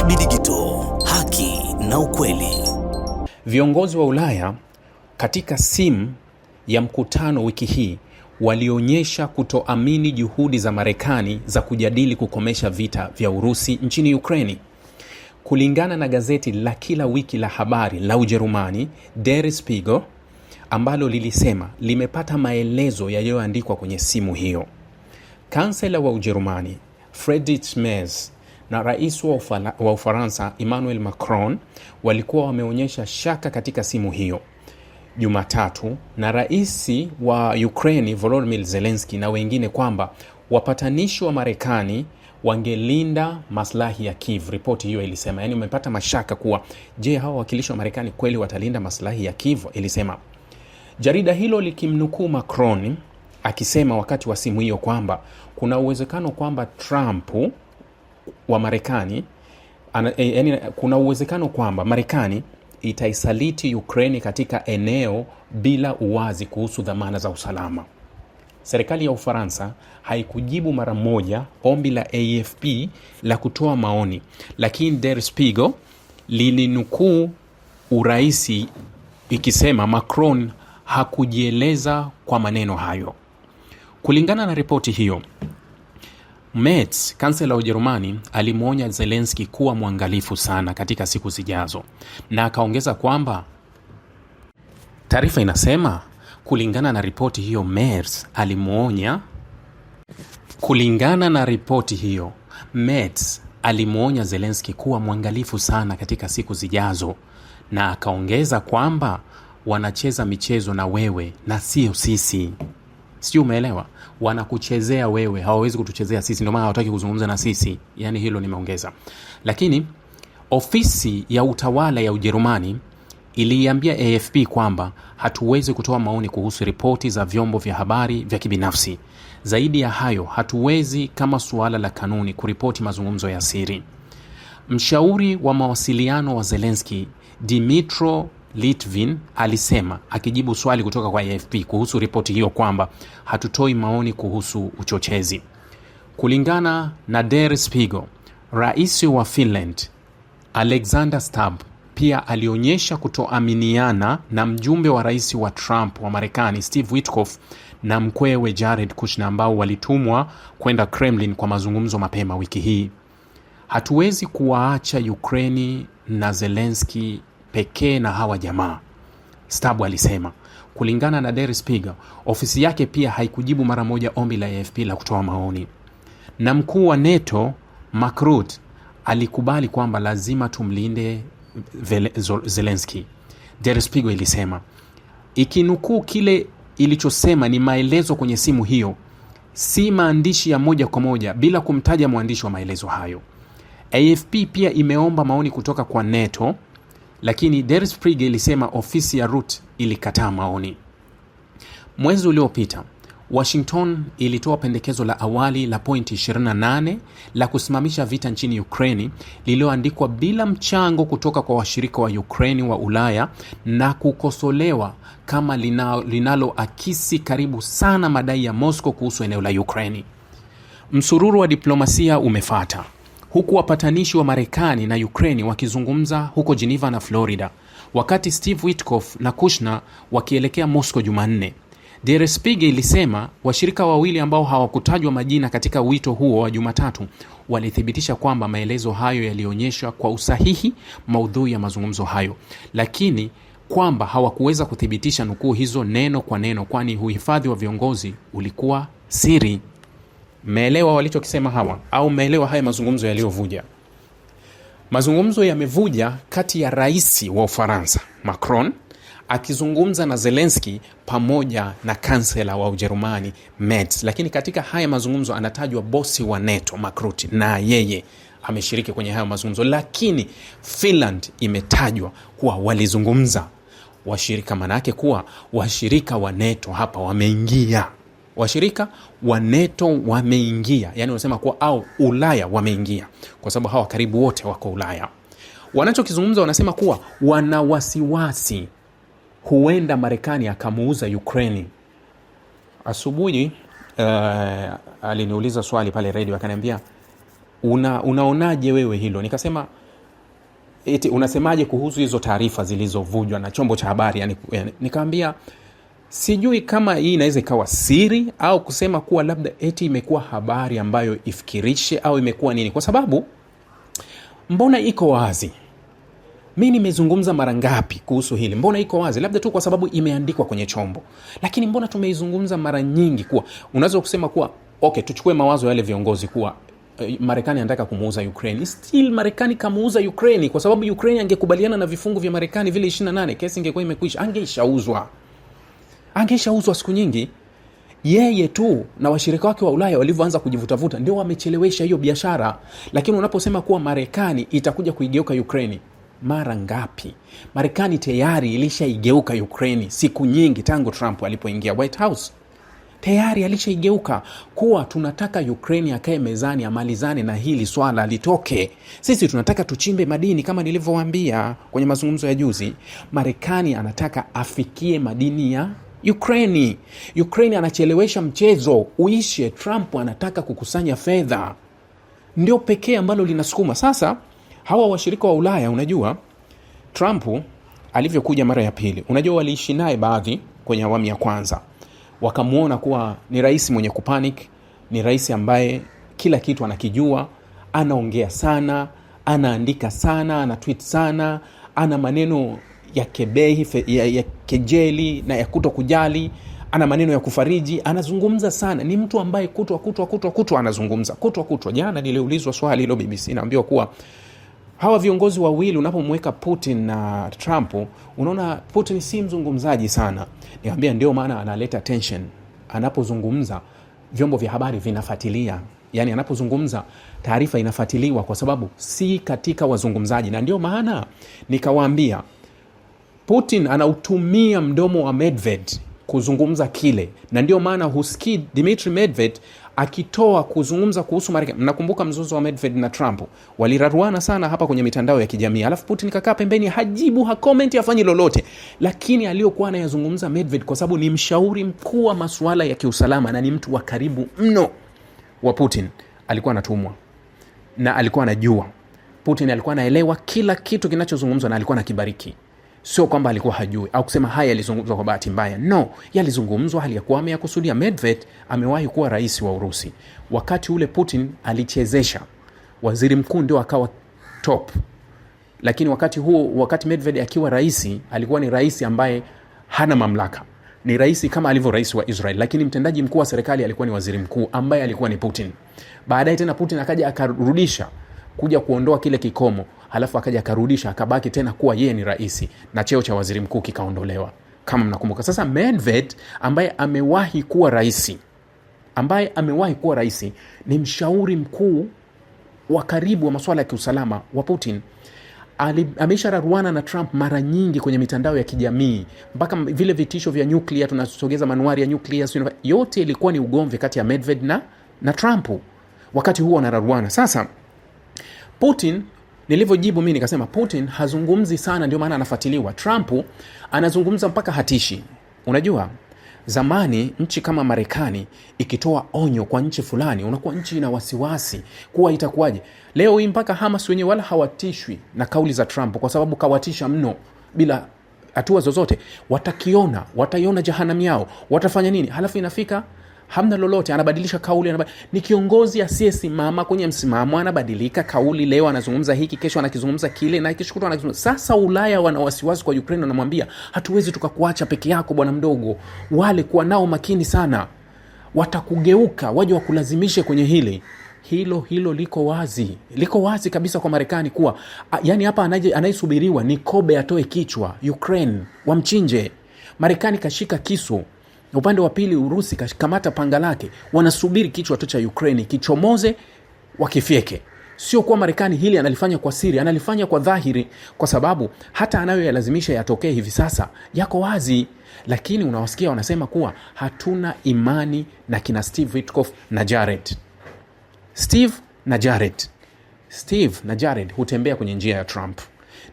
DSB Digital, haki na ukweli. Viongozi wa Ulaya katika simu ya mkutano wiki hii walionyesha kutoamini juhudi za Marekani za kujadili kukomesha vita vya Urusi nchini Ukraini. Kulingana na gazeti la kila wiki la habari la Ujerumani Der Spiegel ambalo lilisema limepata maelezo yaliyoandikwa kwenye simu hiyo, kansela wa Ujerumani Friedrich Merz na rais wa, ufala, wa Ufaransa Emmanuel Macron walikuwa wameonyesha shaka katika simu hiyo Jumatatu na rais wa Ukraini Volodymyr Zelensky na wengine kwamba wapatanishi wa Marekani wangelinda maslahi ya Kiev. Ripoti hiyo ilisema, yaani umepata mashaka kuwa je, hawa wawakilishi wa Marekani kweli watalinda maslahi ya Kiev, ilisema jarida hilo likimnukuu Macron akisema wakati wa simu hiyo kwamba kuna uwezekano kwamba Trump wa Marekani yaani, kuna uwezekano kwamba Marekani itaisaliti Ukraine katika eneo bila uwazi kuhusu dhamana za usalama. Serikali ya Ufaransa haikujibu mara moja ombi la AFP la kutoa maoni, lakini Der Spiegel lilinukuu uraisi ikisema Macron hakujieleza kwa maneno hayo. Kulingana na ripoti hiyo, Metz, kansela wa Ujerumani, alimwonya zelenski kuwa mwangalifu sana katika siku zijazo na akaongeza kwamba taarifa inasema kulingana na ripoti hiyo Merz alimwonya kulingana na ripoti hiyo Metz alimwonya Zelenski kuwa mwangalifu sana katika siku zijazo na akaongeza kwamba wanacheza michezo na wewe na sio sisi si umeelewa? Wanakuchezea wewe, hawawezi kutuchezea sisi, ndio maana hawataki kuzungumza na sisi. Yani hilo nimeongeza, lakini ofisi ya utawala ya Ujerumani iliambia AFP kwamba hatuwezi kutoa maoni kuhusu ripoti za vyombo vya habari vya kibinafsi. Zaidi ya hayo, hatuwezi kama suala la kanuni kuripoti mazungumzo ya siri. Mshauri wa mawasiliano wa zelenski Dimitro Litvin alisema akijibu swali kutoka kwa AFP kuhusu ripoti hiyo kwamba hatutoi maoni kuhusu uchochezi. Kulingana na Der Spiegel, rais wa Finland Alexander Stubb pia alionyesha kutoaminiana na mjumbe wa rais wa Trump wa Marekani Steve Witkoff na mkwewe Jared Kushner ambao walitumwa kwenda Kremlin kwa mazungumzo mapema wiki hii. Hatuwezi kuwaacha Ukraini na Zelensky pekee na hawa jamaa, Stabu alisema. Kulingana na Der Spiegel, ofisi yake pia haikujibu mara moja ombi la AFP la kutoa maoni, na mkuu wa NATO Mark Rutte alikubali kwamba lazima tumlinde zelenski Der Spiegel ilisema ikinukuu kile ilichosema ni maelezo kwenye simu hiyo, si maandishi ya moja kwa moja, bila kumtaja mwandishi wa maelezo hayo. AFP pia imeomba maoni kutoka kwa NATO lakini Deris Prig ilisema ofisi ya rut ilikataa maoni. Mwezi uliopita Washington ilitoa pendekezo la awali la pointi 28 la kusimamisha vita nchini Ukraini lililoandikwa bila mchango kutoka kwa washirika wa Ukraini wa Ulaya na kukosolewa kama linaloakisi karibu sana madai ya Moscow kuhusu eneo la Ukraini. Msururu wa diplomasia umefata huku wapatanishi wa Marekani na Ukraini wakizungumza huko Geneva na Florida, wakati Steve Witkoff na Kushner wakielekea Moscow Jumanne. Der Spiegel ilisema washirika wawili ambao hawakutajwa majina katika wito huo wa Jumatatu walithibitisha kwamba maelezo hayo yalionyeshwa kwa usahihi maudhui ya mazungumzo hayo, lakini kwamba hawakuweza kuthibitisha nukuu hizo neno kwa neno, kwani uhifadhi wa viongozi ulikuwa siri. Mmeelewa walichokisema hawa au mmeelewa haya mazungumzo yaliyovuja? Mazungumzo yamevuja kati ya rais wa Ufaransa Macron akizungumza na Zelensky pamoja na kansela wa Ujerumani Merz, lakini katika haya mazungumzo anatajwa bosi wa neto Mark na yeye ameshiriki kwenye hayo mazungumzo, lakini Finland imetajwa kuwa walizungumza washirika, maanayake kuwa washirika wa neto hapa wameingia washirika wa neto wameingia, yani unasema kuwa au Ulaya wameingia, kwa sababu hawa karibu wote wako Ulaya. Wanachokizungumza wanasema kuwa wana wasiwasi, huenda Marekani akamuuza Ukraini. Asubuhi uh, aliniuliza swali pale redio akaniambia, una, unaonaje wewe hilo? Nikasema unasemaje kuhusu hizo taarifa zilizovujwa na chombo cha habari yani, yani, nikaambia Sijui kama hii inaweza ikawa siri au kusema kuwa labda eti imekuwa habari ambayo ifikirishe au imekuwa nini, kwa sababu mbona iko wazi. Mi nimezungumza mara ngapi kuhusu hili? Mbona iko wazi? Labda tu kwa sababu imeandikwa kwenye chombo, lakini mbona tumeizungumza mara nyingi kuwa unaweza kusema kuwa ok tuchukue mawazo yale viongozi kuwa eh, Marekani anataka kumuuza Ukraine. Still Marekani kamuuza Ukraine kwa sababu Ukraine angekubaliana na vifungu vya Marekani vile 28, kesi ingekuwa imekwisha, angeishauzwa angeshauzwa siku nyingi. Yeye tu na washirika wake wa Ulaya walivyoanza kujivutavuta ndio wamechelewesha hiyo biashara. Lakini unaposema kuwa Marekani itakuja kuigeuka Ukraini, mara ngapi? Marekani tayari ilishaigeuka Ukraini siku nyingi, tangu Trump alipoingia White House tayari alishaigeuka kuwa tunataka Ukraini akae mezani amalizane na hili swala litoke. Sisi tunataka tuchimbe madini, kama nilivyowambia kwenye mazungumzo ya juzi. Marekani anataka afikie madini ya Ukraini. Ukraini anachelewesha mchezo uishe. Trump anataka kukusanya fedha, ndio pekee ambalo linasukuma sasa. Hawa washirika wa Ulaya, unajua Trump alivyokuja mara ya pili, unajua waliishi naye baadhi kwenye awamu ya kwanza, wakamwona kuwa ni rais mwenye kupanic, ni rais ambaye kila kitu anakijua, anaongea sana, anaandika sana, ana sana, ana maneno ya kebehi fe, ya, ya kejeli na ya kuto kujali ana maneno ya kufariji anazungumza sana ni mtu ambaye kutwa kutwa kutwa kutwa anazungumza kutwa kutwa jana niliulizwa swali hilo bbc naambiwa kuwa hawa viongozi wawili unapomweka putin na trump unaona putin si mzungumzaji sana niambia ndio maana analeta tension anapozungumza vyombo vya habari vinafuatilia yani anapozungumza taarifa inafuatiliwa kwa sababu si katika wazungumzaji na ndio maana nikawaambia Putin anautumia mdomo wa Medved kuzungumza kile, na ndio maana husikii Dmitri Medved akitoa kuzungumza kuhusu Marekani. Mnakumbuka mzozo wa Medved na Trump, waliraruana sana hapa kwenye mitandao ya kijamii, alafu Putin kakaa pembeni, hajibu, hakomenti, hafanyi lolote. Lakini aliyokuwa anayazungumza Medved, kwa sababu ni mshauri mkuu wa masuala ya kiusalama na ni mtu wa karibu mno wa Putin, alikuwa anatumwa na alikuwa anajua Putin, alikuwa anaelewa kila kitu kinachozungumzwa na alikuwa kibariki sio kwamba alikuwa hajui au kusema haya yalizungumzwa kwa bahati mbaya. No, yalizungumzwa, aliyakuwa ameyakusudia. Medved amewahi kuwa rais wa Urusi. Wakati ule Putin alichezesha waziri mkuu, ndio akawa top, lakini wakati huo, wakati Medved akiwa rais, alikuwa ni rais ambaye hana mamlaka ni rais kama alivyo rais wa Israel, lakini mtendaji mkuu wa serikali alikuwa ni waziri mkuu ambaye alikuwa ni Putin. Baadaye tena Putin akaja akarudisha kuja kuondoa kile kikomo halafu akaja akarudisha akabaki tena kuwa yeye ni rais na cheo cha waziri mkuu kikaondolewa kama mnakumbuka sasa medved ambaye amewahi kuwa raisi ambaye amewahi kuwa raisi ni mshauri mkuu wa karibu wa masuala ya kiusalama wa putin ameisha ruana na trump mara nyingi kwenye mitandao ya kijamii mpaka vile vitisho vya nyuklia tunasogeza manuari ya nyuklia yote ilikuwa ni ugomvi kati ya medved na, na trump wakati huo wanararuana sasa putin Nilivyojibu mi nikasema Putin hazungumzi sana, ndio maana anafuatiliwa. Trump anazungumza mpaka hatishi. Unajua zamani nchi kama Marekani ikitoa onyo kwa nchi fulani, unakuwa nchi ina wasiwasi kuwa itakuwaje. Leo hii mpaka Hamas wenyewe wala hawatishwi na kauli za Trump, kwa sababu kawatisha mno bila hatua zozote. Watakiona, wataiona jahanam yao, watafanya nini? Halafu inafika hamna lolote, anabadilisha kauli anabad... ni kiongozi asiyesimama kwenye msimamo, anabadilika kauli, leo anazungumza hiki, kesho anakizungumza kile, na kishukuru anakizungumza. Sasa Ulaya wana wasiwasi kwa Ukraine, wanamwambia hatuwezi tukakuacha peke yako bwana mdogo, wale kuwa nao makini sana, watakugeuka waje wakulazimishe kwenye hili hilo hilo liko wazi, liko wazi kabisa kwa Marekani kuwa yani, hapa anayesubiriwa ni kobe atoe kichwa, Ukraine wamchinje. Marekani kashika kisu. Upande wa pili, Urusi kashikamata panga lake, wanasubiri kichwa cha Ukraini kichomoze wakifyeke. Sio kuwa Marekani hili analifanya kwa siri, analifanya kwa dhahiri, kwa sababu hata anayoyalazimisha yatokee hivi sasa yako wazi. Lakini unawasikia wanasema kuwa hatuna imani na kina Steve witkof na Jared. Steve na Jared, Steve na Jared hutembea kwenye njia ya Trump.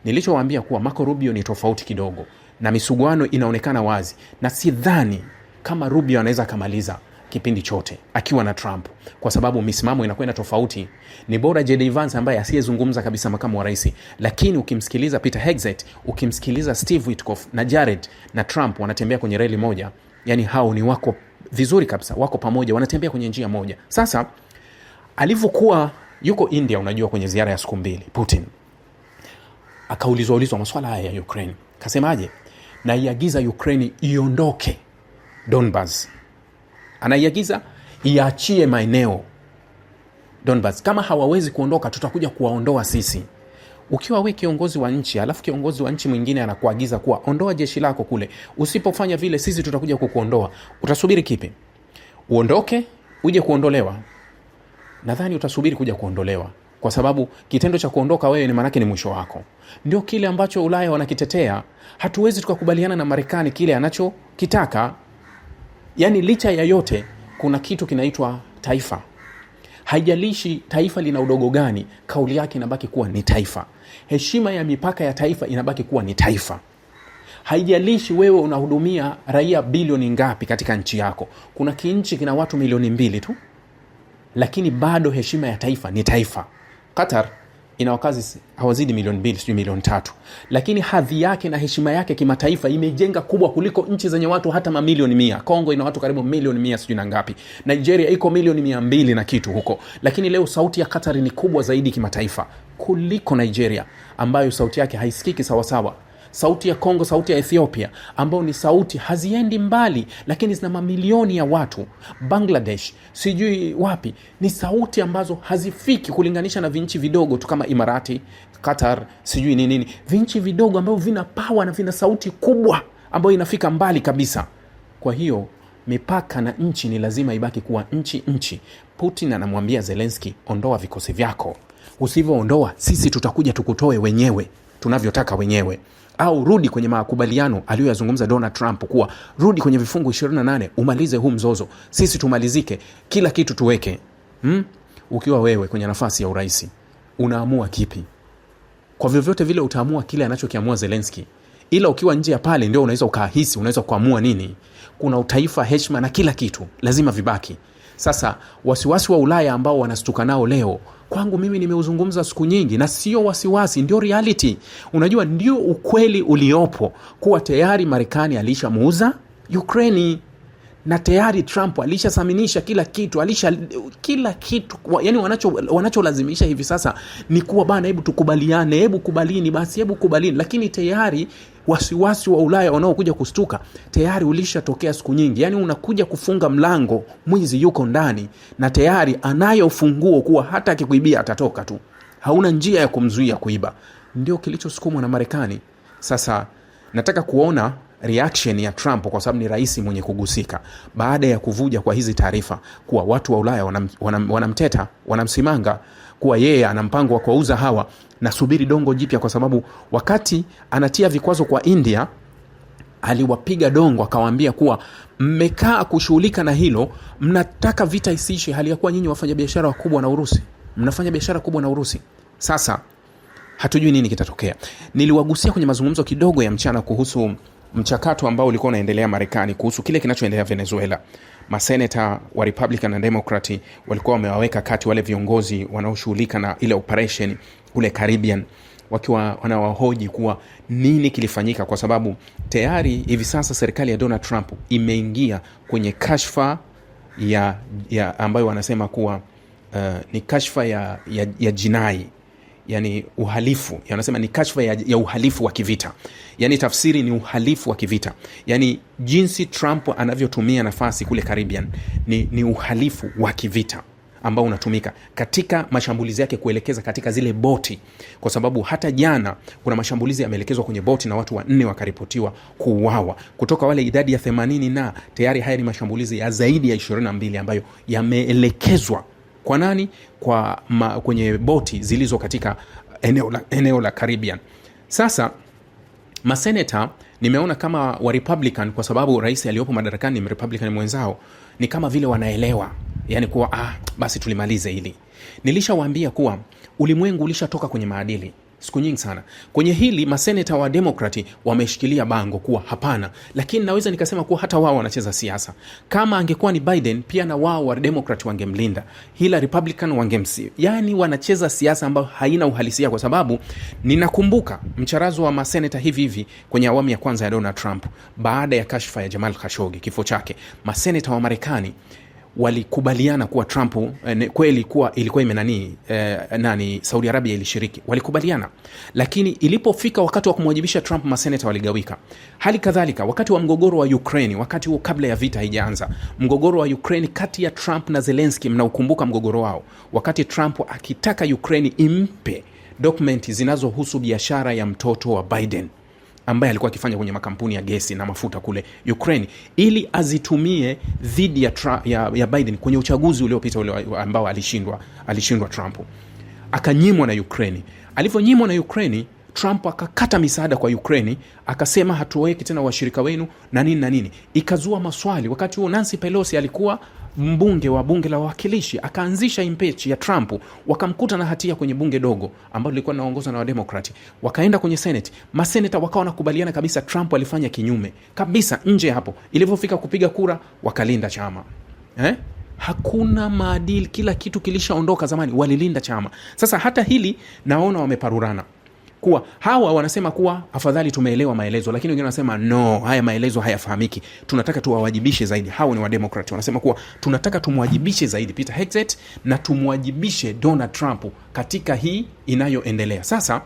Nilichowaambia kuwa Marco Rubio ni tofauti kidogo, na misuguano inaonekana wazi, na sidhani kama Rubio anaweza akamaliza kipindi chote akiwa na Trump kwa sababu misimamo inakwenda tofauti. Ni bora JD Vance ambaye asiyezungumza kabisa, makamu wa rais, lakini ukimsikiliza Peter Hegseth, ukimsikiliza Steve Witkoff na Jared na Trump wanatembea kwenye reli moja, yani hao ni wako vizuri kabisa, wako pamoja, wanatembea kwenye njia moja. Sasa alivyokuwa yuko India, unajua kwenye ziara ya siku mbili, Putin akaulizwa ulizwa maswala haya ya Ukraine, kasemaje, naiagiza Ukraine iondoke Donbas. Anaiagiza iachie maeneo Donbas. Kama hawawezi kuondoka, tutakuja kuwaondoa sisi. Ukiwa we kiongozi wa nchi alafu kiongozi wa nchi mwingine anakuagiza kuwa ondoa jeshi lako kule, usipofanya vile sisi tutakuja kukuondoa, utasubiri kipi? Uondoke uje kuondolewa? Nadhani utasubiri kuja kuondolewa, kwa sababu kitendo cha kuondoka wewe ni maanake ni mwisho wako. Ndio kile ambacho Ulaya wanakitetea. Hatuwezi tukakubaliana na Marekani kile anachokitaka yaani licha ya yote kuna kitu kinaitwa taifa haijalishi taifa lina udogo gani kauli yake inabaki kuwa ni taifa heshima ya mipaka ya taifa inabaki kuwa ni taifa haijalishi wewe unahudumia raia bilioni ngapi katika nchi yako kuna kinchi kina watu milioni mbili tu lakini bado heshima ya taifa ni taifa qatar ina wakazi hawazidi milioni mbili sijui milioni tatu lakini hadhi yake na heshima yake kimataifa imejenga kubwa kuliko nchi zenye watu hata mamilioni mia kongo ina watu karibu milioni mia sijui na ngapi nigeria iko milioni mia mbili na kitu huko lakini leo sauti ya katari ni kubwa zaidi kimataifa kuliko nigeria ambayo sauti yake haisikiki sawasawa sauti ya Kongo, sauti ya Ethiopia, ambao ni sauti haziendi mbali, lakini zina mamilioni ya watu. Bangladesh, sijui wapi, ni sauti ambazo hazifiki kulinganisha na vinchi vidogo tu kama Imarati, Qatar, sijui ni nini, vinchi vidogo ambavyo vina pawa na vina sauti kubwa ambayo inafika mbali kabisa. Kwa hiyo mipaka na nchi ni lazima ibaki kuwa nchi nchi. Putin anamwambia Zelenski, ondoa vikosi vyako, usivyoondoa sisi tutakuja tukutoe wenyewe tunavyotaka wenyewe au rudi kwenye makubaliano aliyoyazungumza Donald Trump kuwa rudi kwenye vifungu 28 umalize huu mzozo, sisi tumalizike, kila kitu tuweke hmm? Ukiwa wewe kwenye nafasi ya urahisi unaamua kipi? Kwa vyovyote vile utaamua kile anachokiamua zelenski ila ukiwa nje ya pale ndio unaweza ukahisi unaweza kuamua nini. Kuna utaifa, heshma na kila kitu lazima vibaki. Sasa wasiwasi wa Ulaya ambao wanastuka nao leo kwangu mimi nimeuzungumza siku nyingi, na sio wasiwasi, ndio reality. Unajua, ndio ukweli uliopo kuwa tayari Marekani alishamuuza Ukraini na tayari Trump alishasaminisha kila kitu, alisha kila kitu yani, wanacholazimisha wanacho hivi sasa ni kuwa bana, hebu tukubaliane, hebu kubalini basi, hebu kubalini. Lakini tayari wasiwasi wa Ulaya wanaokuja kustuka tayari ulishatokea siku nyingi. Yani unakuja kufunga mlango, mwizi yuko ndani, na tayari anayofunguo kuwa hata akikuibia atatoka tu, hauna njia ya kumzuia kuiba. Ndio kilichosukumwa na Marekani sasa nataka kuona reaction ya Trump kwa sababu ni rais mwenye kugusika, baada ya kuvuja kwa hizi taarifa kuwa watu wa Ulaya wanam, wanam, wanamteta wanamsimanga kuwa yeye ana mpango wa kuwauza hawa. Nasubiri dongo jipya, kwa sababu wakati anatia vikwazo kwa India aliwapiga dongo akawaambia kuwa mmekaa kushughulika na hilo, mnataka vita isiishi hali ya kuwa nyinyi wafanya biashara wakubwa na Urusi, mnafanya biashara kubwa na Urusi. Sasa hatujui nini kitatokea. Niliwagusia kwenye mazungumzo kidogo ya mchana kuhusu mchakato ambao ulikuwa unaendelea Marekani kuhusu kile kinachoendelea Venezuela. Maseneta wa Republican na Democrat walikuwa wamewaweka kati wale viongozi wanaoshughulika na ile operation kule Caribbean, wakiwa wanawahoji kuwa nini kilifanyika, kwa sababu tayari hivi sasa serikali ya Donald Trump imeingia kwenye kashfa ya, ya ambayo wanasema kuwa uh, ni kashfa ya, ya, ya jinai yani uhalifu, anasema ni kashfa ya, ya uhalifu wa kivita, yani tafsiri ni uhalifu wa kivita, yani jinsi Trump anavyotumia nafasi kule Caribbean ni, ni uhalifu wa kivita ambao unatumika katika mashambulizi yake kuelekeza katika zile boti, kwa sababu hata jana kuna mashambulizi yameelekezwa kwenye boti na watu wanne wakaripotiwa kuuawa kutoka wale idadi ya themanini, na tayari haya ni mashambulizi ya zaidi ya 22 ambayo yameelekezwa kwa nani? Kwa ma, kwenye boti zilizo katika eneo la, eneo la Caribbean. Sasa maseneta nimeona kama wa Republican kwa sababu rais aliyopo madarakani ni Republican mwenzao, ni kama vile wanaelewa yani kuwa ah, basi tulimalize hili. Nilishawaambia kuwa ulimwengu ulishatoka kwenye maadili siku nyingi sana kwenye hili maseneta wa Demokrati wameshikilia bango kuwa hapana, lakini naweza nikasema kuwa hata wao wanacheza siasa. Kama angekuwa ni Biden, pia na wao wa wangemlinda, hila Republican wangemsi, yani wanacheza siasa ambayo haina uhalisia, kwa sababu ninakumbuka mcharazo wa maseneta hivi hivi kwenye awamu ya kwanza ya Donald Trump, baada ya kashfa ya Jamal khashogi kifo chake, maseneta wa Marekani walikubaliana kuwa Trump eh, kweli kuwa ilikuwa imenani eh, nani Saudi Arabia ilishiriki, walikubaliana, lakini ilipofika wakati wa kumwajibisha Trump maseneta waligawika. Hali kadhalika wakati wa mgogoro wa Ukraine, wakati huo kabla ya vita haijaanza, mgogoro wa Ukraine kati ya Trump na Zelensky, mnaukumbuka mgogoro wao, wakati Trump akitaka Ukraine impe dokumenti zinazohusu biashara ya mtoto wa Biden ambaye alikuwa akifanya kwenye makampuni ya gesi na mafuta kule Ukraine ili azitumie dhidi ya, ya, ya Biden kwenye uchaguzi uliopita ule ambao alishindwa, alishindwa Trump akanyimwa na Ukraine. Alivyonyimwa na Ukraine, Trump akakata misaada kwa Ukraini, akasema hatuweki tena washirika wenu na nini na nini, ikazua maswali. Wakati huo Nancy Pelosi alikuwa mbunge wa bunge la wawakilishi akaanzisha impeach ya Trump, wakamkuta na hatia kwenye bunge dogo ambalo lilikuwa linaongozwa na Wademokrati. Wakaenda kwenye Senate, maseneta wakawa wanakubaliana kabisa Trump alifanya kinyume kabisa nje hapo. Ilivyofika kupiga kura, wakalinda chama eh? Hakuna maadili, kila kitu kilishaondoka zamani, walilinda chama. Sasa hata hili naona wameparurana kuwa hawa wanasema kuwa afadhali tumeelewa maelezo, lakini wengine wanasema no, haya maelezo hayafahamiki, tunataka tuwawajibishe zaidi. Hawa ni wademokrati wanasema kuwa tunataka tumwajibishe zaidi Peter hexet na tumwajibishe Donald Trump katika hii inayoendelea sasa.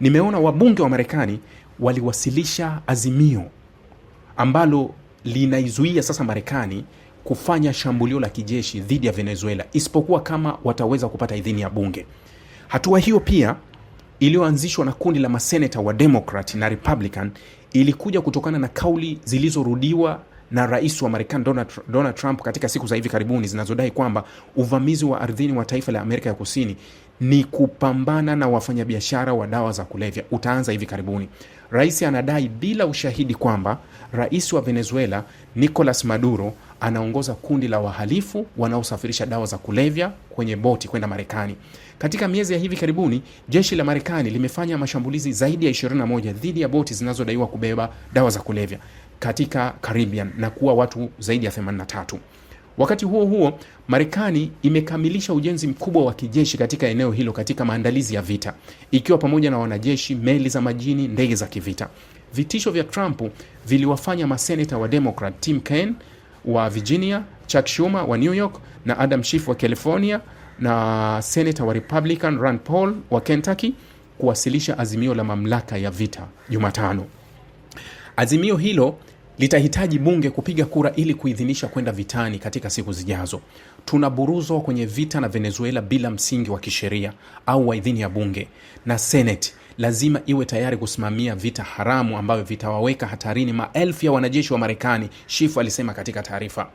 Nimeona wabunge wa Marekani waliwasilisha azimio ambalo linaizuia sasa Marekani kufanya shambulio la kijeshi dhidi ya Venezuela isipokuwa kama wataweza kupata idhini ya bunge. Hatua hiyo pia iliyoanzishwa na kundi la maseneta wa Democrat na Republican ilikuja kutokana na kauli zilizorudiwa na rais wa Marekani Donald, Donald Trump katika siku za hivi karibuni zinazodai kwamba uvamizi wa ardhini wa taifa la Amerika ya Kusini ni kupambana na wafanyabiashara wa dawa za kulevya utaanza hivi karibuni. Rais anadai bila ushahidi kwamba rais wa Venezuela Nicolas Maduro anaongoza kundi la wahalifu wanaosafirisha dawa za kulevya kwenye boti kwenda Marekani. Katika miezi ya hivi karibuni, jeshi la Marekani limefanya mashambulizi zaidi ya 21 dhidi ya boti zinazodaiwa kubeba dawa za kulevya katika Caribbean na kuwa watu zaidi ya 83. Wakati huo huo, Marekani imekamilisha ujenzi mkubwa wa kijeshi katika eneo hilo katika maandalizi ya vita, ikiwa pamoja na wanajeshi, meli za majini, ndege za kivita. Vitisho vya Trump viliwafanya maseneta wa Democrat Tim Kaine wa Virginia, Chuck Schumer wa New York na Adam Schiff wa California na seneta wa Republican Rand Paul wa Kentucky kuwasilisha azimio la mamlaka ya vita Jumatano. Azimio hilo litahitaji bunge kupiga kura ili kuidhinisha kwenda vitani katika siku zijazo. Tunaburuzwa kwenye vita na Venezuela bila msingi wa kisheria au wa idhini ya bunge, na seneti lazima iwe tayari kusimamia vita haramu ambavyo vitawaweka hatarini maelfu ya wanajeshi wa Marekani, Schiff alisema katika taarifa.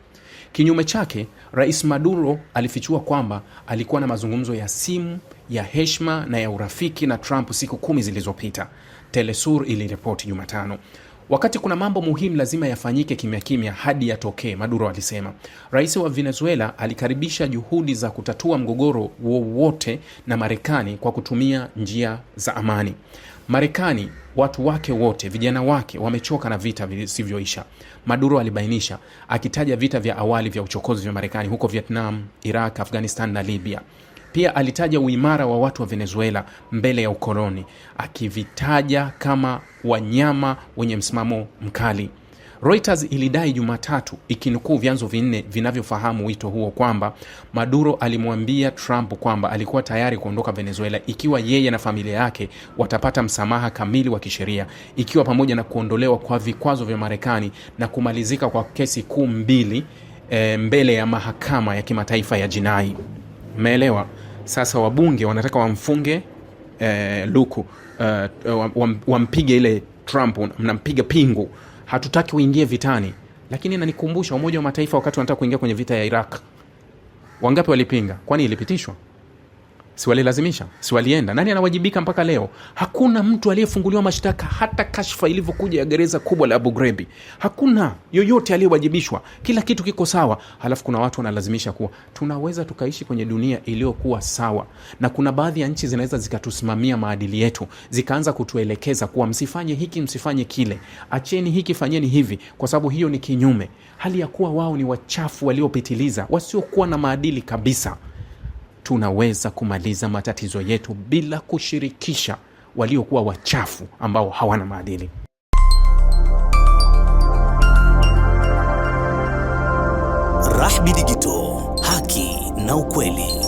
Kinyume chake, Rais Maduro alifichua kwamba alikuwa na mazungumzo ya simu ya heshima na ya urafiki na Trump siku kumi zilizopita, Telesur iliripoti Jumatano. Wakati kuna mambo muhimu lazima yafanyike kimya kimya hadi yatokee, Maduro alisema. Rais wa Venezuela alikaribisha juhudi za kutatua mgogoro wowote na Marekani kwa kutumia njia za amani. Marekani, watu wake wote, vijana wake wamechoka na vita visivyoisha, Maduro alibainisha, akitaja vita vya awali vya uchokozi vya Marekani huko Vietnam, Iraq, Afghanistan na Libya. Pia alitaja uimara wa watu wa Venezuela mbele ya ukoloni, akivitaja kama wanyama wenye msimamo mkali. Reuters ilidai Jumatatu ikinukuu vyanzo vinne vinavyofahamu wito huo kwamba Maduro alimwambia Trump kwamba alikuwa tayari kuondoka Venezuela ikiwa yeye na familia yake watapata msamaha kamili wa kisheria, ikiwa pamoja na kuondolewa kwa vikwazo vya Marekani na kumalizika kwa kesi kuu mbili e, mbele ya mahakama ya kimataifa ya jinai. meelewa sasa wabunge wanataka wamfunge eh, luku eh, wampige ile Trump, mnampiga pingu, hatutaki uingie vitani. Lakini nanikumbusha Umoja wa Mataifa wakati wanataka kuingia kwenye vita ya Iraq, wangapi walipinga? Kwani ilipitishwa? siwalilazimisha, siwalienda. Nani anawajibika mpaka leo? Hakuna mtu aliyefunguliwa mashtaka, hata kashfa ilivyokuja ya gereza kubwa la abugrebi hakuna yoyote aliyewajibishwa. Kila kitu kiko sawa, halafu kuna watu wanalazimisha kuwa tunaweza tukaishi kwenye dunia iliyokuwa sawa, na kuna baadhi ya nchi zinaweza zikatusimamia maadili yetu, zikaanza kutuelekeza kuwa msifanye hiki, msifanye kile, acheni hiki, fanyeni hivi, kwa sababu hiyo ni kinyume, hali ya kuwa wao ni wachafu waliopitiliza, wasiokuwa na maadili kabisa tunaweza kumaliza matatizo yetu bila kushirikisha waliokuwa wachafu ambao hawana maadili. Rahby Digital, haki na ukweli.